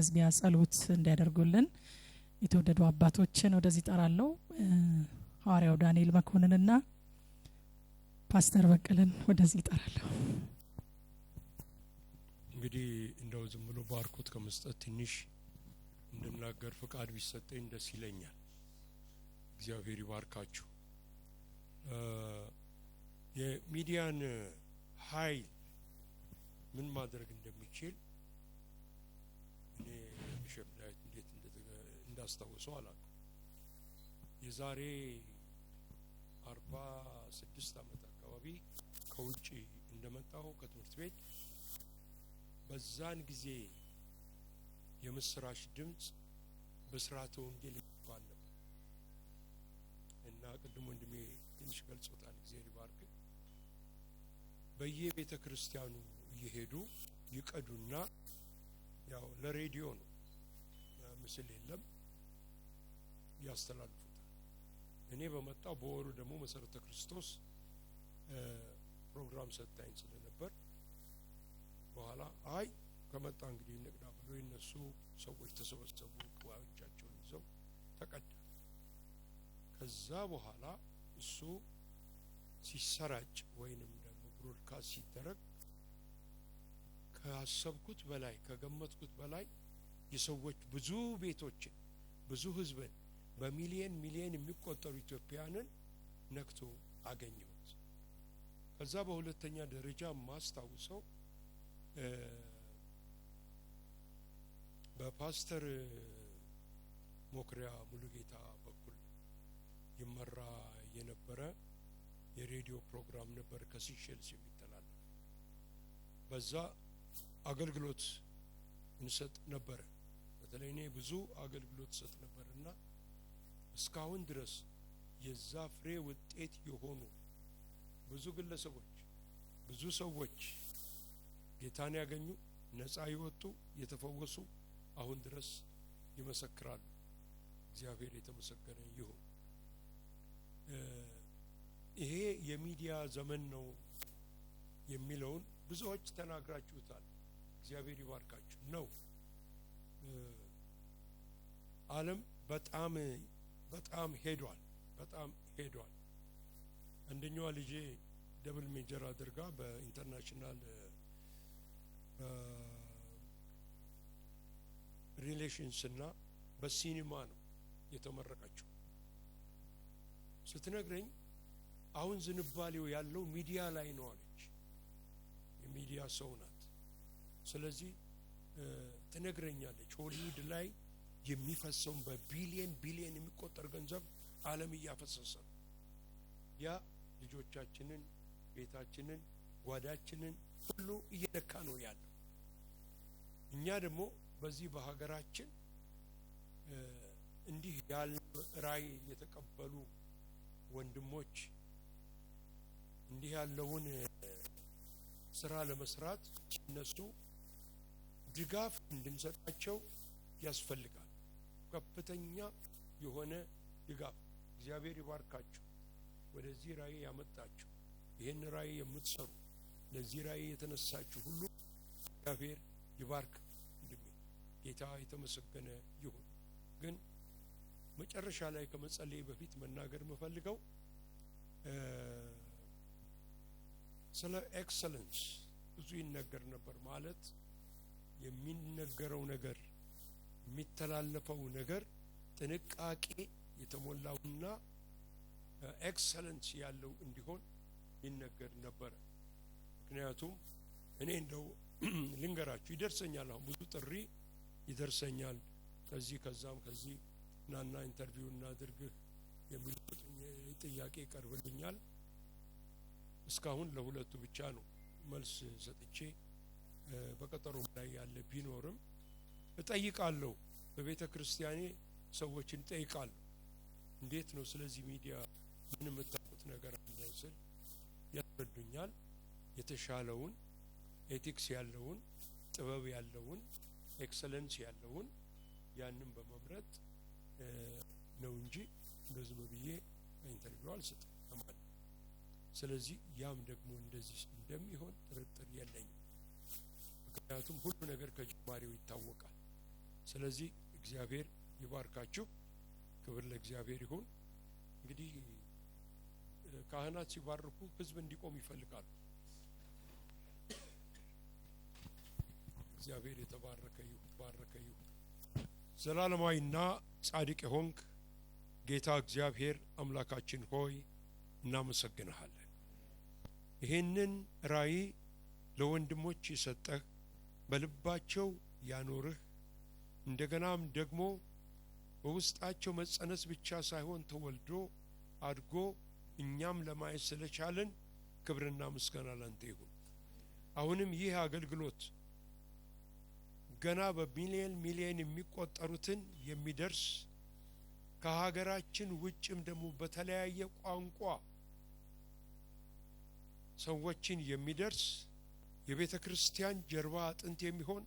መዝጊያ ጸሎት እንዲያደርጉልን የተወደዱ አባቶችን ወደዚህ ጠራለው ሐዋርያው ዳንኤል መኮንንና ፓስተር በቀለን ወደዚህ ይጠራለሁ እንግዲህ እንደው ዝም ብሎ ባርኮት ከመስጠት ትንሽ እንድናገር ፍቃድ ቢሰጠኝ ደስ ይለኛል። እግዚአብሔር ይባርካችሁ። የሚዲያን ሀይል ምን ማድረግ እንደሚችል እኔ ቢሸፕ ዳዊት እንዴት እንዳስታውሰው አላውቅም። የዛሬ አርባ ስድስት ዓመት አካባቢ ከውጭ እንደመጣው ከትምህርት ቤት በዛን ጊዜ የምስራች ድምፅ በስርዓተ ወንጌል ይባል ነበር እና ቅድም ወንድሜ ትንሽ ገልጾታል። ጊዜ ሊባርክ በየቤተ ክርስቲያኑ እየሄዱ ይቀዱና ያው ለሬዲዮ ነው፣ ምስል የለም ያስተላልፉታል። እኔ በመጣው በወሩ ደግሞ መሰረተ ክርስቶስ ፕሮግራም ሰታኝ ስለነበር በኋላ አይ ከመጣ እንግዲህ እንቅዳ ብሎ የነሱ ሰዎች ተሰበሰቡ፣ ቅባዎቻቸውን ይዘው ተቀዳ። ከዛ በኋላ እሱ ሲሰራጭ ወይንም ደግሞ ብሮድካስት ሲደረግ ካሰብኩት በላይ ከገመትኩት በላይ የሰዎች ብዙ ቤቶችን ብዙ ህዝብን በሚሊየን ሚሊየን የሚቆጠሩ ኢትዮጵያውያንን ነክቶ አገኘሁት። ከዛ በሁለተኛ ደረጃ ማስታውሰው በፓስተር ሞክሪያ ሙሉጌታ በኩል ይመራ የነበረ የሬዲዮ ፕሮግራም ነበር ከሲሸልስ የሚተላለፍ በዛ አገልግሎት እንሰጥ ነበር በተለይ እኔ ብዙ አገልግሎት ሰጥ ነበርና እስካሁን ድረስ የዛ ፍሬ ውጤት የሆኑ ብዙ ግለሰቦች፣ ብዙ ሰዎች ጌታን ያገኙ፣ ነጻ የወጡ፣ የተፈወሱ አሁን ድረስ ይመሰክራሉ። እግዚአብሔር የተመሰገነ ይሁን። ይሄ የሚዲያ ዘመን ነው የሚለውን ብዙዎች ተናግራችሁታል። እግዚአብሔር ይባርካችሁ ነው። አለም በጣም በጣም ሄዷል፣ በጣም ሄዷል። አንደኛዋ ልጄ ደብል ሜጀር አድርጋ በኢንተርናሽናል ሪሌሽንስ እና በሲኒማ ነው የተመረቀችው። ስትነግረኝ አሁን ዝንባሌው ያለው ሚዲያ ላይ ነው አለች። የሚዲያ ሰው ናት። ስለዚህ ትነግረኛለች ሆሊውድ ላይ የሚፈሰውን በቢሊየን ቢሊየን የሚቆጠር ገንዘብ አለም እያፈሰሰ ነው ያ ልጆቻችንን ቤታችንን ጓዳችንን ሁሉ እየነካ ነው ያለው እኛ ደግሞ በዚህ በሀገራችን እንዲህ ያል ራይ የተቀበሉ ወንድሞች እንዲህ ያለውን ስራ ለመስራት እነሱ ድጋፍ እንድንሰጣቸው ያስፈልጋል። ከፍተኛ የሆነ ድጋፍ። እግዚአብሔር ይባርካችሁ። ወደዚህ ራእይ ያመጣችሁ ይህን ራእይ የምትሰሩ ለዚህ ራእይ የተነሳችሁ ሁሉ እግዚአብሔር ይባርክ። ወንድሜ ጌታ የተመሰገነ ይሁን። ግን መጨረሻ ላይ ከመጸለይ በፊት መናገር የምፈልገው ስለ ኤክሰለንስ ብዙ ይነገር ነበር ማለት የሚነገረው ነገር የሚተላለፈው ነገር ጥንቃቄ የተሞላውና ኤክሰለንስ ያለው እንዲሆን ይነገር ነበረ። ምክንያቱም እኔ እንደው ልንገራችሁ ይደርሰኛል፣ አሁን ብዙ ጥሪ ይደርሰኛል። ከዚህ ከዛም ከዚህ ናና ኢንተርቪው እናድርግህ የሚሉ ጥያቄ ይቀርብልኛል። እስካሁን ለሁለቱ ብቻ ነው መልስ ሰጥቼ በቀጠሮ ላይ ያለ ቢኖርም እጠይቃለሁ። በቤተ ክርስቲያኔ ሰዎችን እጠይቃለሁ። እንዴት ነው ስለዚህ ሚዲያ ምን የምታውቁት ነገር አለ ስል ያስረዱኛል። የተሻለውን ኤቲክስ ያለውን ጥበብ ያለውን ኤክሰለንስ ያለውን ያንን በመምረጥ ነው እንጂ እንደዚህ ብዬ ኢንተርቪው አልሰጥም። ስለዚህ ያም ደግሞ እንደዚህ እንደሚሆን ጥርጥር የለኝም። ምክንያቱም ሁሉ ነገር ከጅማሬው ይታወቃል። ስለዚህ እግዚአብሔር ይባርካችሁ። ክብር ለእግዚአብሔር ይሁን። እንግዲህ ካህናት ሲባርኩ ህዝብ እንዲቆም ይፈልጋሉ። እግዚአብሔር የተባረከ ይሁን፣ ባረከ ይሁን። ዘላለማዊና ጻድቅ የሆንክ ጌታ እግዚአብሔር አምላካችን ሆይ እናመሰግንሃለን። ይህንን ራእይ ለወንድሞች የሰጠህ በልባቸው ያኖርህ እንደገናም ደግሞ በውስጣቸው መጸነስ ብቻ ሳይሆን ተወልዶ አድጎ እኛም ለማየት ስለቻለን ክብርና ምስጋና ላንተ ይሁን። አሁንም ይህ አገልግሎት ገና በሚሊየን ሚሊየን የሚቆጠሩትን የሚደርስ ከሀገራችን ውጭም ደግሞ በተለያየ ቋንቋ ሰዎችን የሚደርስ የቤተ ክርስቲያን ጀርባ አጥንት የሚሆን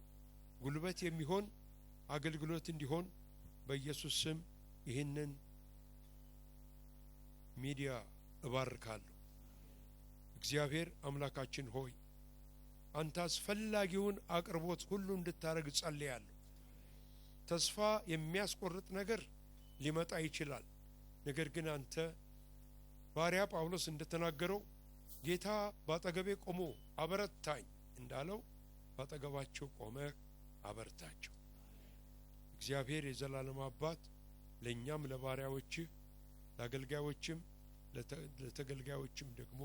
ጉልበት የሚሆን አገልግሎት እንዲሆን በኢየሱስ ስም ይህንን ሚዲያ እባርካለሁ። እግዚአብሔር አምላካችን ሆይ አንተ አስፈላጊውን አቅርቦት ሁሉ እንድታደርግ ጸልያለሁ። ተስፋ የሚያስቆርጥ ነገር ሊመጣ ይችላል። ነገር ግን አንተ ባሪያ ጳውሎስ እንደተናገረው ጌታ ባጠገቤ ቆሞ አበረታኝ እንዳለው ባጠገባቸው ቆመ፣ አበርታቸው። እግዚአብሔር የዘላለም አባት ለእኛም ለባሪያዎችህ ለአገልጋዮችም ለተገልጋዮችም ደግሞ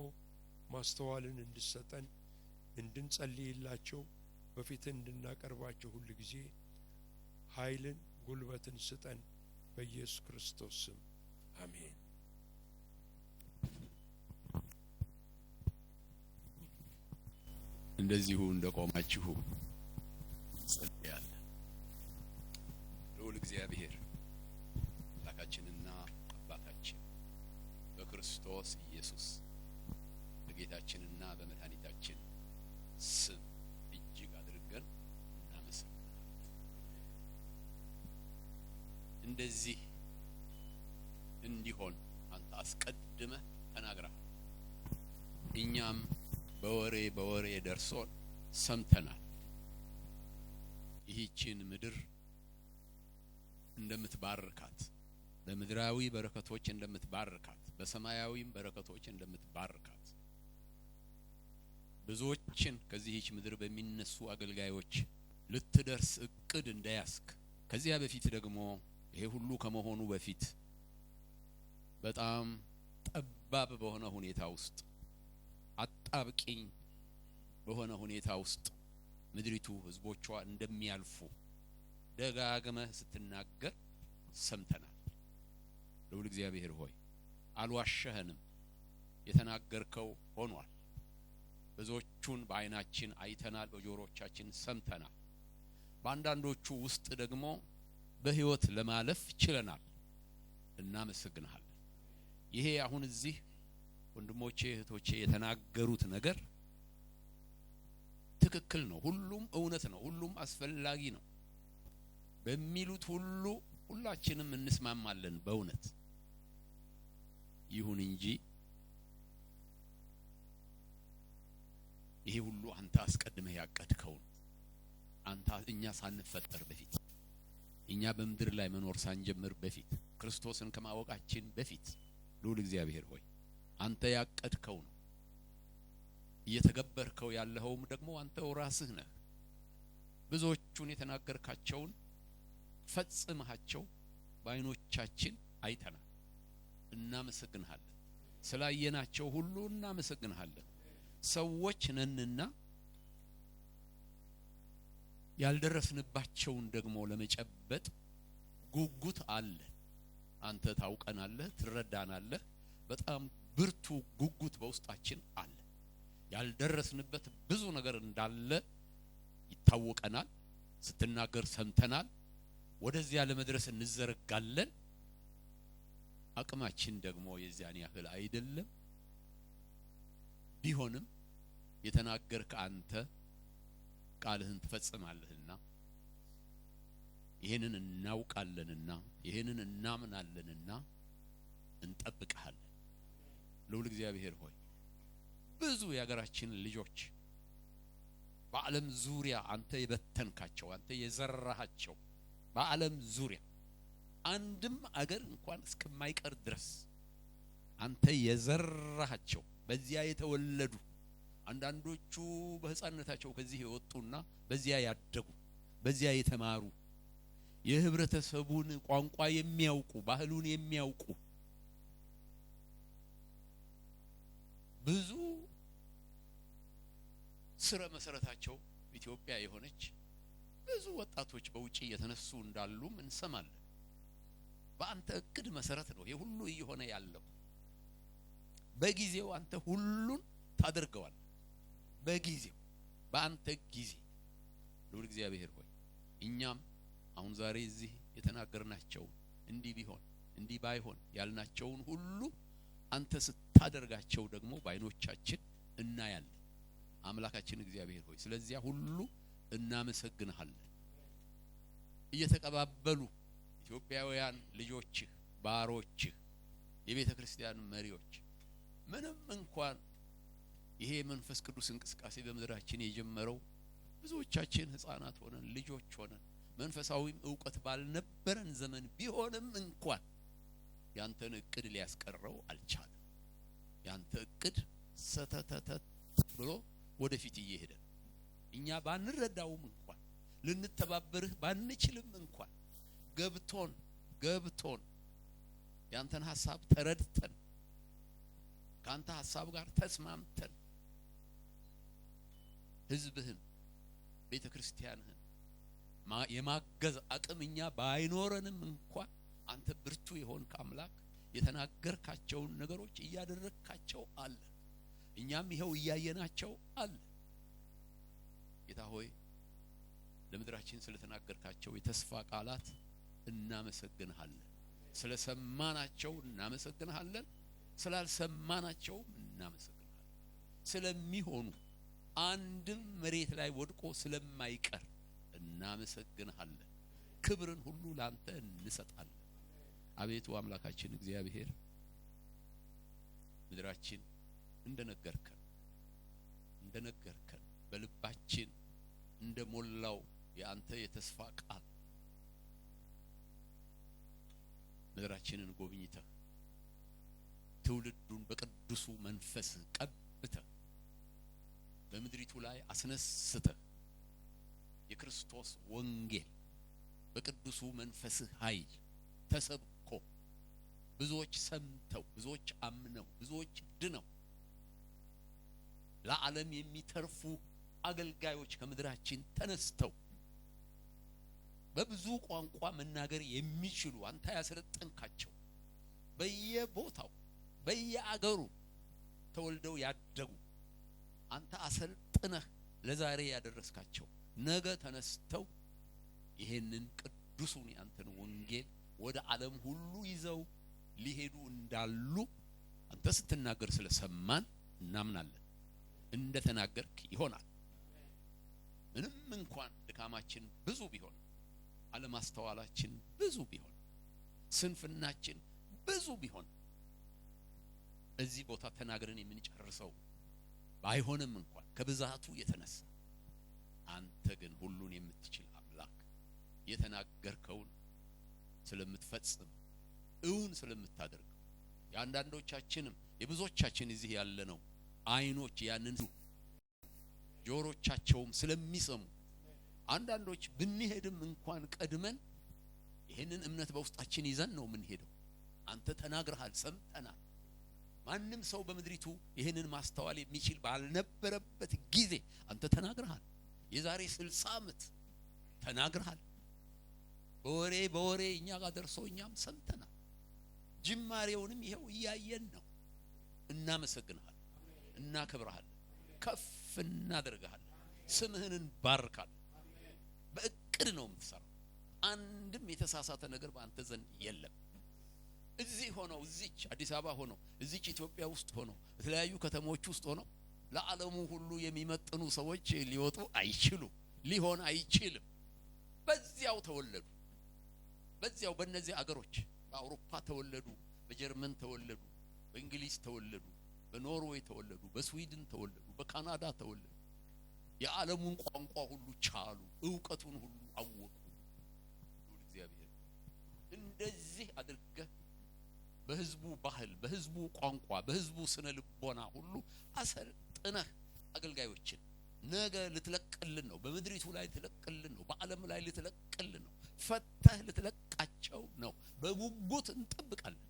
ማስተዋልን እንድሰጠን እንድንጸልይላቸው በፊትን እንድናቀርባቸው ሁል ጊዜ ኃይልን ጉልበትን ስጠን በኢየሱስ ክርስቶስ ስም አሜን። እንደዚሁ እንደቆማችሁ ጸልያለሁ። ልዑል እግዚአብሔር አምላካችንና አባታችን በክርስቶስ ኢየሱስ በጌታችንና በመድኃኒታችን ስም እጅግ አድርገን እናመሰግናለን። እንደዚህ እንዲሆን አንተ አስቀድመህ ተናግረሃል። እኛም በወሬ በወሬ ደርሶን ሰምተናል። ይህችን ምድር እንደምትባርካት በምድራዊ በረከቶች እንደምትባርካት በሰማያዊም በረከቶች እንደምትባርካት ብዙዎችን ከዚህች ምድር በሚነሱ አገልጋዮች ልትደርስ እቅድ እንደያስክ ከዚያ በፊት ደግሞ ይሄ ሁሉ ከመሆኑ በፊት በጣም ጠባብ በሆነ ሁኔታ ውስጥ አጣብቂኝ በሆነ ሁኔታ ውስጥ ምድሪቱ ህዝቦቿ እንደሚያልፉ ደጋግመህ ስትናገር ሰምተናል። ልዑል እግዚአብሔር ሆይ አልዋሸህንም፣ የተናገርከው ሆኗል። ብዙዎቹን በዓይናችን አይተናል፣ በጆሮቻችን ሰምተናል። በአንዳንዶቹ ውስጥ ደግሞ በህይወት ለማለፍ ችለናል። እናመሰግንሃለን። ይሄ አሁን እዚህ ወንድሞቼ እህቶቼ የተናገሩት ነገር ትክክል ነው። ሁሉም እውነት ነው። ሁሉም አስፈላጊ ነው። በሚሉት ሁሉ ሁላችንም እንስማማለን በእውነት ይሁን እንጂ ይሄ ሁሉ አንተ አስቀድመህ ያቀድከውን አንተ እኛ ሳንፈጠር በፊት እኛ በምድር ላይ መኖር ሳንጀምር በፊት ክርስቶስን ከማወቃችን በፊት ልዑል እግዚአብሔር ሆይ አንተ ያቀድከው ነው። እየተገበርከው ያለኸውም ደግሞ አንተው ራስህ ነህ። ብዙዎቹን የተናገርካቸውን ፈጽመሃቸው በዓይኖቻችን አይተናል። እናመሰግንሃለን። ስላየናቸው ሁሉ እናመሰግንሃለን። ሰዎች ነንና ያልደረስንባቸውን ደግሞ ለመጨበጥ ጉጉት አለ። አንተ ታውቀናለህ፣ ትረዳናለህ። በጣም ብርቱ ጉጉት በውስጣችን አለ። ያልደረስንበት ብዙ ነገር እንዳለ ይታወቀናል። ስትናገር ሰምተናል። ወደዚያ ለመድረስ እንዘረጋለን። አቅማችን ደግሞ የዚያን ያህል አይደለም። ቢሆንም የተናገር አንተ ቃልህን ትፈጽማለህና ይህንን እናውቃለንና ይህንን እናምናለንና እንጠብቀሃለን። ልዑል እግዚአብሔር ሆይ ብዙ የሀገራችን ልጆች በዓለም ዙሪያ አንተ የበተንካቸው አንተ የዘራሃቸው በዓለም ዙሪያ አንድም አገር እንኳን እስከማይቀር ድረስ አንተ የዘራሃቸው በዚያ የተወለዱ አንዳንዶቹ በህፃንነታቸው ከዚህ የወጡና በዚያ ያደጉ በዚያ የተማሩ የህብረተሰቡን ቋንቋ የሚያውቁ ባህሉን የሚያውቁ ብዙ ስረ መሰረታቸው ኢትዮጵያ የሆነች ብዙ ወጣቶች በውጭ እየተነሱ እንዳሉም እንሰማለን። በአንተ እቅድ መሰረት ነው ይሄ ሁሉ እየሆነ ያለው። በጊዜው አንተ ሁሉን ታደርገዋል። በጊዜው በአንተ ጊዜ ልዑል እግዚአብሔር ሆይ እኛም አሁን ዛሬ እዚህ የተናገርናቸውን እንዲህ ቢሆን እንዲህ ባይሆን ያልናቸውን ሁሉ አንተ ስት ስታደርጋቸው ደግሞ በአይኖቻችን እናያለን። አምላካችን እግዚአብሔር ሆይ ስለዚያ ሁሉ እናመሰግንሃለን። እየተቀባበሉ ኢትዮጵያውያን ልጆችህ፣ ባሮችህ፣ የቤተ ክርስቲያን መሪዎች ምንም እንኳን ይሄ መንፈስ ቅዱስ እንቅስቃሴ በምድራችን የጀመረው ብዙዎቻችን ህፃናት ሆነን ልጆች ሆነን መንፈሳዊም እውቀት ባልነበረን ዘመን ቢሆንም እንኳን ያንተን እቅድ ሊያስቀረው አልቻለም። ያንተ እቅድ ሰተተተት ብሎ ወደፊት እየሄደ ነው። እኛ ባንረዳውም እንኳን ልንተባበርህ ባንችልም እንኳን ገብቶን ገብቶን ያንተን ሀሳብ ተረድተን ከአንተ ሀሳብ ጋር ተስማምተን ህዝብህን ቤተ ክርስቲያንህን የማገዝ አቅም እኛ ባይኖረንም እንኳን አንተ ብርቱ የሆንክ አምላክ የተናገርካቸውን ነገሮች እያደረግካቸው አለ። እኛም ይኸው እያየናቸው አለ። ጌታ ሆይ ለምድራችን ስለተናገርካቸው የተስፋ ቃላት እናመሰግንሃለን። ስለሰማናቸው እናመሰግንሃለን። ስላልሰማናቸውም እናመሰግንሃለን። ስለሚሆኑ አንድም መሬት ላይ ወድቆ ስለማይቀር እናመሰግንሃለን። ክብርን ሁሉ ላንተ እንሰጣለን። አቤቱ አምላካችን እግዚአብሔር ምድራችን እንደነገርከን እንደነገርከን በልባችን እንደ ሞላው የአንተ የተስፋ ቃል ምድራችንን ጎብኝተህ ትውልዱን በቅዱሱ መንፈስ ቀብተህ በምድሪቱ ላይ አስነስተህ የክርስቶስ ወንጌል በቅዱሱ መንፈስህ ኃይል ተሰብኮ ብዙዎች ሰምተው፣ ብዙዎች አምነው፣ ብዙዎች ድነው ለዓለም የሚተርፉ አገልጋዮች ከምድራችን ተነስተው በብዙ ቋንቋ መናገር የሚችሉ አንተ ያሰለጠንካቸው በየቦታው በየአገሩ ተወልደው ያደጉ አንተ አሰልጥነህ ለዛሬ ያደረስካቸው ነገ ተነስተው ይሄንን ቅዱሱን ያንተን ወንጌል ወደ ዓለም ሁሉ ይዘው ሊሄዱ እንዳሉ አንተ ስትናገር ስለሰማን እናምናለን። እንደ ተናገርክ ይሆናል። ምንም እንኳን ድካማችን ብዙ ቢሆን፣ አለማስተዋላችን ብዙ ቢሆን፣ ስንፍናችን ብዙ ቢሆን እዚህ ቦታ ተናግረን የምንጨርሰው ባይሆንም እንኳን ከብዛቱ የተነሳ አንተ ግን ሁሉን የምትችል አምላክ የተናገርከውን ስለምትፈጽም እውን ስለምታደርገው የአንዳንዶቻችንም የብዙዎቻችን እዚህ ያለ ነው አይኖች ያንን ጆሮቻቸውም ስለሚሰሙ አንዳንዶች ብንሄድም እንኳን ቀድመን ይህንን እምነት በውስጣችን ይዘን ነው የምንሄደው። አንተ ተናግረሃል፣ ሰምተናል። ማንም ሰው በምድሪቱ ይህንን ማስተዋል የሚችል ባልነበረበት ጊዜ አንተ ተናግረሃል። የዛሬ ስልሳ ዓመት ተናግረሃል። በወሬ በወሬ እኛ ጋር ደርሶ እኛም ሰምተናል። ጅማሬውንም ይኸው እያየን ነው። እናመሰግንሃል፣ እናከብረሃል፣ ከፍ እናደርግሃል፣ ስምህን እንባርካል። በእቅድ ነው የምትሰራው። አንድም የተሳሳተ ነገር በአንተ ዘንድ የለም። እዚህ ሆኖ እዚች አዲስ አበባ ሆኖ እዚች ኢትዮጵያ ውስጥ ሆኖ የተለያዩ ከተሞች ውስጥ ሆነው ለዓለሙ ሁሉ የሚመጥኑ ሰዎች ሊወጡ አይችሉ ሊሆን አይችልም። በዚያው ተወለዱ፣ በዚያው በእነዚህ አገሮች በአውሮፓ ተወለዱ፣ በጀርመን ተወለዱ፣ በእንግሊዝ ተወለዱ፣ በኖርዌይ ተወለዱ፣ በስዊድን ተወለዱ፣ በካናዳ ተወለዱ። የዓለሙን ቋንቋ ሁሉ ቻሉ፣ እውቀቱን ሁሉ አወቁ። እግዚአብሔር እንደዚህ አድርገህ በህዝቡ ባህል፣ በህዝቡ ቋንቋ፣ በህዝቡ ስነ ልቦና ሁሉ አሰልጥነህ አገልጋዮችን ነገ ልትለቅልን ነው። በምድሪቱ ላይ ልትለቅልን ነው። በዓለም ላይ ልትለቅልን ነው። ፈተህ ልትለቅ ናቸው ነው። በጉጉት እንጠብቃለን።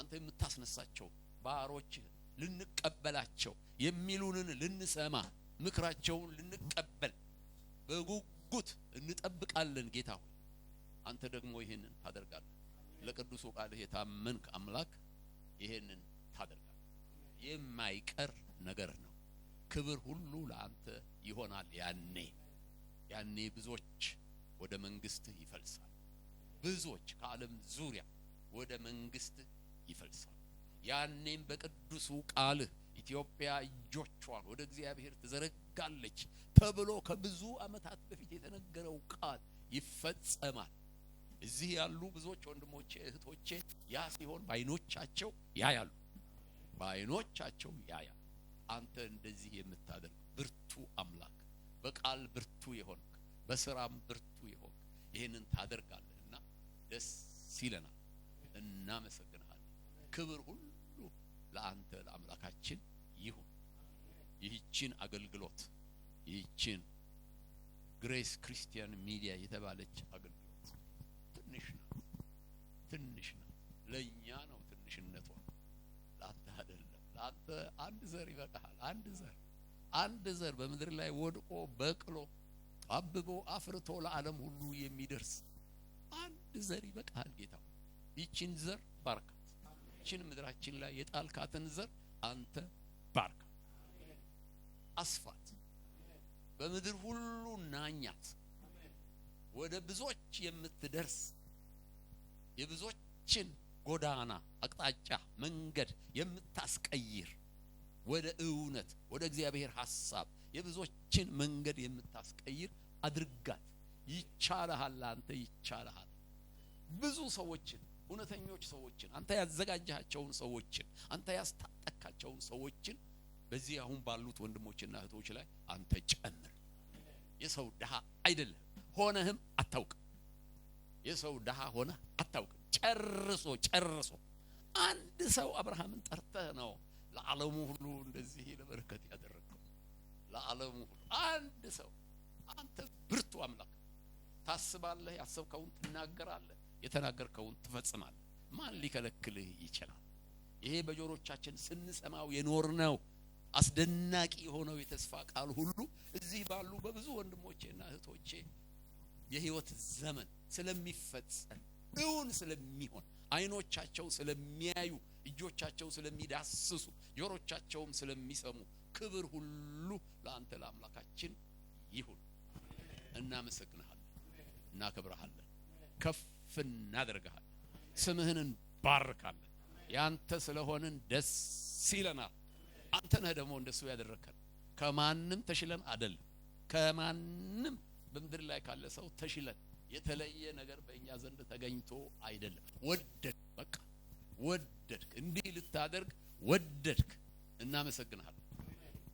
አንተ የምታስነሳቸው ባሮች ልንቀበላቸው የሚሉንን ልንሰማ ምክራቸውን ልንቀበል በጉጉት እንጠብቃለን። ጌታ ሆይ አንተ ደግሞ ይህንን ታደርጋለህ። ለቅዱሱ ቃልህ የታመንክ አምላክ ይህንን ታደርጋለህ። የማይቀር ነገር ነው። ክብር ሁሉ ለአንተ ይሆናል። ያኔ ያኔ ብዙዎች ወደ መንግስትህ ይፈልሳል። ብዙዎች ከዓለም ዙሪያ ወደ መንግስት ይፈልሳሉ። ያኔም በቅዱሱ ቃልህ ኢትዮጵያ እጆቿን ወደ እግዚአብሔር ትዘረጋለች ተብሎ ከብዙ ዓመታት በፊት የተነገረው ቃል ይፈጸማል። እዚህ ያሉ ብዙዎች ወንድሞቼ እህቶቼ፣ ያ ሲሆን በዓይኖቻቸው ያያሉ፣ በአይኖቻቸው ያያሉ። አንተ እንደዚህ የምታደርግ ብርቱ አምላክ፣ በቃል ብርቱ የሆንክ በስራም ብርቱ የሆንክ ይህንን ታደርጋለህ እና ደስ ይለናል፣ እናመሰግንሃለን። ክብር ሁሉ ለአንተ ለአምላካችን ይሁን። ይህችን አገልግሎት ይህችን ግሬስ ክርስቲያን ሚዲያ የተባለች አገልግሎት ትንሽ ነው፣ ትንሽ ነው፣ ለእኛ ነው ትንሽነቷ። ለአንተ አይደለም። ለአንተ አንድ ዘር ይበቃሃል። አንድ ዘር አንድ ዘር በምድር ላይ ወድቆ በቅሎ አብቦ አፍርቶ ለዓለም ሁሉ የሚደርስ አንድ ዘር ይበቃል። ጌታ። ይችን ዘር ባርካት። ይችን ምድራችን ላይ የጣልካትን ዘር አንተ ባርካት፣ አስፋት፣ በምድር ሁሉ ናኛት። ወደ ብዙዎች የምትደርስ የብዙዎችን ጎዳና፣ አቅጣጫ፣ መንገድ የምታስቀይር ወደ እውነት ወደ እግዚአብሔር ሐሳብ የብዙዎችን መንገድ የምታስቀይር አድርጋት። ይቻልሃል፣ አንተ ይቻልሃል። ብዙ ሰዎችን እውነተኞች ሰዎችን አንተ ያዘጋጃቸውን ሰዎችን አንተ ያስታጠካቸውን ሰዎችን በዚህ አሁን ባሉት ወንድሞችና እህቶች ላይ አንተ ጨምር። የሰው ድሃ አይደለም ሆነህም አታውቅም። የሰው ድሃ ሆነህ አታውቅም። ጨርሶ ጨርሶ አንድ ሰው አብርሃምን ጠርተህ ነው ለዓለሙ ሁሉ እንደዚህ ለበረከት ያደረገ ለዓለሙ ሁሉ አንድ ሰው አንተ ብርቱ አምላክ ታስባለህ፣ ያሰብከውን ትናገራለህ፣ የተናገርከውን ትፈጽማለህ። ማን ሊከለክልህ ይችላል? ይሄ በጆሮቻችን ስንሰማው የኖር ነው አስደናቂ የሆነው የተስፋ ቃል ሁሉ እዚህ ባሉ በብዙ ወንድሞቼና እህቶቼ የህይወት ዘመን ስለሚፈጸም እውን ስለሚሆን አይኖቻቸው ስለሚያዩ እጆቻቸው ስለሚዳስሱ ጆሮቻቸውም ስለሚሰሙ ክብር ሁሉ ለአንተ ለአምላካችን ይሁን። እናመሰግንሃለን፣ እናከብረሃለን፣ ከፍ እናደርግሃለን፣ ስምህን እንባርካለን። ያንተ ስለሆንን ደስ ይለናል። አንተ ነህ ደግሞ እንደሱ ያደረከን። ከማንም ተሽለን አይደለም፣ ከማንም በምድር ላይ ካለ ሰው ተሽለን የተለየ ነገር በእኛ ዘንድ ተገኝቶ አይደለም። ወደድክ፣ በቃ ወደድክ፣ እንዲህ ልታደርግ ወደድክ። እናመሰግንሃለን።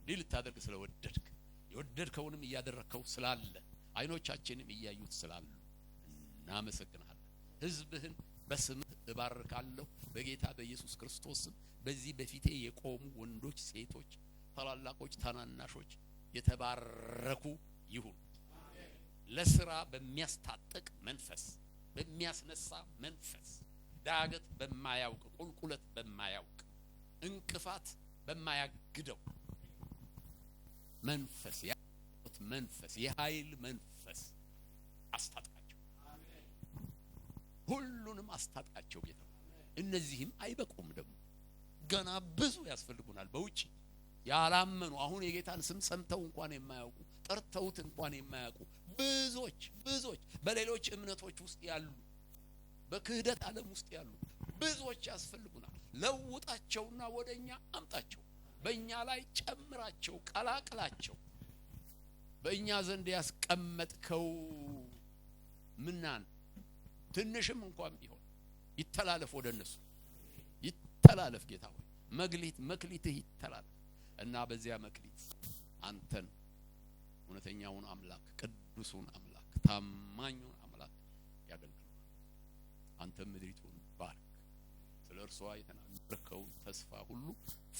እንዲህ ልታደርግ ስለወደድክ የወደድከውንም እያደረግከው ስላለ አይኖቻችንም እያዩት ስላሉ እናመሰግናለን። ህዝብህን በስምህ እባርካለሁ። በጌታ በኢየሱስ ክርስቶስም በዚህ በፊቴ የቆሙ ወንዶች፣ ሴቶች፣ ታላላቆች፣ ታናናሾች የተባረኩ ይሁን። ለስራ በሚያስታጥቅ መንፈስ፣ በሚያስነሳ መንፈስ፣ ዳገት በማያውቅ ቁልቁለት በማያውቅ እንቅፋት በማያግደው መንፈስ ያት መንፈስ የኃይል መንፈስ አስታጥቃቸው፣ ሁሉንም አስታጥቃቸው ጌታ። እነዚህም አይበቁም ደግሞ ገና ብዙ ያስፈልጉናል። በውጭ ያላመኑ አሁን የጌታን ስም ሰምተው እንኳን የማያውቁ ጠርተውት እንኳን የማያውቁ ብዙዎች ብዙዎች በሌሎች እምነቶች ውስጥ ያሉ በክህደት ዓለም ውስጥ ያሉ ብዙዎች ያስፈልጉናል። ለውጣቸውና ወደ እኛ አምጣቸው። በእኛ ላይ ጨምራቸው፣ ቀላቅላቸው። በእኛ ዘንድ ያስቀመጥከው ምናን ትንሽም እንኳን ቢሆን ይተላለፍ፣ ወደ እነሱ ይተላለፍ። ጌታ ሆይ መግሊት መክሊትህ ይተላለፍ እና በዚያ መክሊት አንተን እውነተኛውን አምላክ ቅዱሱን አምላክ ታማኙን አምላክ ያገልግሉ። አንተ ምድሪቱን ባርክ። ስለ እርሷ የተናገርከውን ተስፋ ሁሉ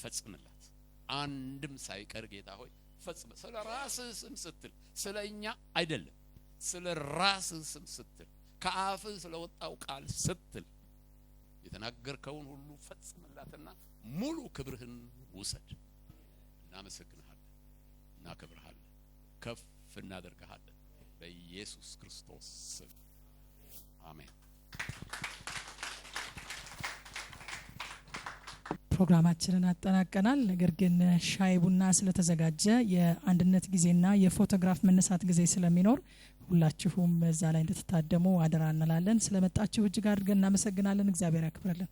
ፈጽምላት። አንድም ሳይቀር ጌታ ሆይ ፈጽመ ስለ ራስህ ስም ስትል ስለ እኛ አይደለም፣ ስለ ራስህ ስም ስትል ከአፍህ ስለወጣው ቃል ስትል የተናገርከውን ሁሉ ፈጽምላትና ሙሉ ክብርህን ውሰድ። እናመሰግንሃለን፣ እናከብርሃለን፣ ከፍ እናደርግሃለን በኢየሱስ ክርስቶስ ስም አሜን። ፕሮግራማችንን አጠናቀናል። ነገር ግን ሻይ ቡና ስለተዘጋጀ የአንድነት ጊዜና የፎቶግራፍ መነሳት ጊዜ ስለሚኖር ሁላችሁም እዛ ላይ እንድትታደሙ አደራ እንላለን። ስለመጣችሁ እጅግ አድርገን እናመሰግናለን። እግዚአብሔር ያክብረልን።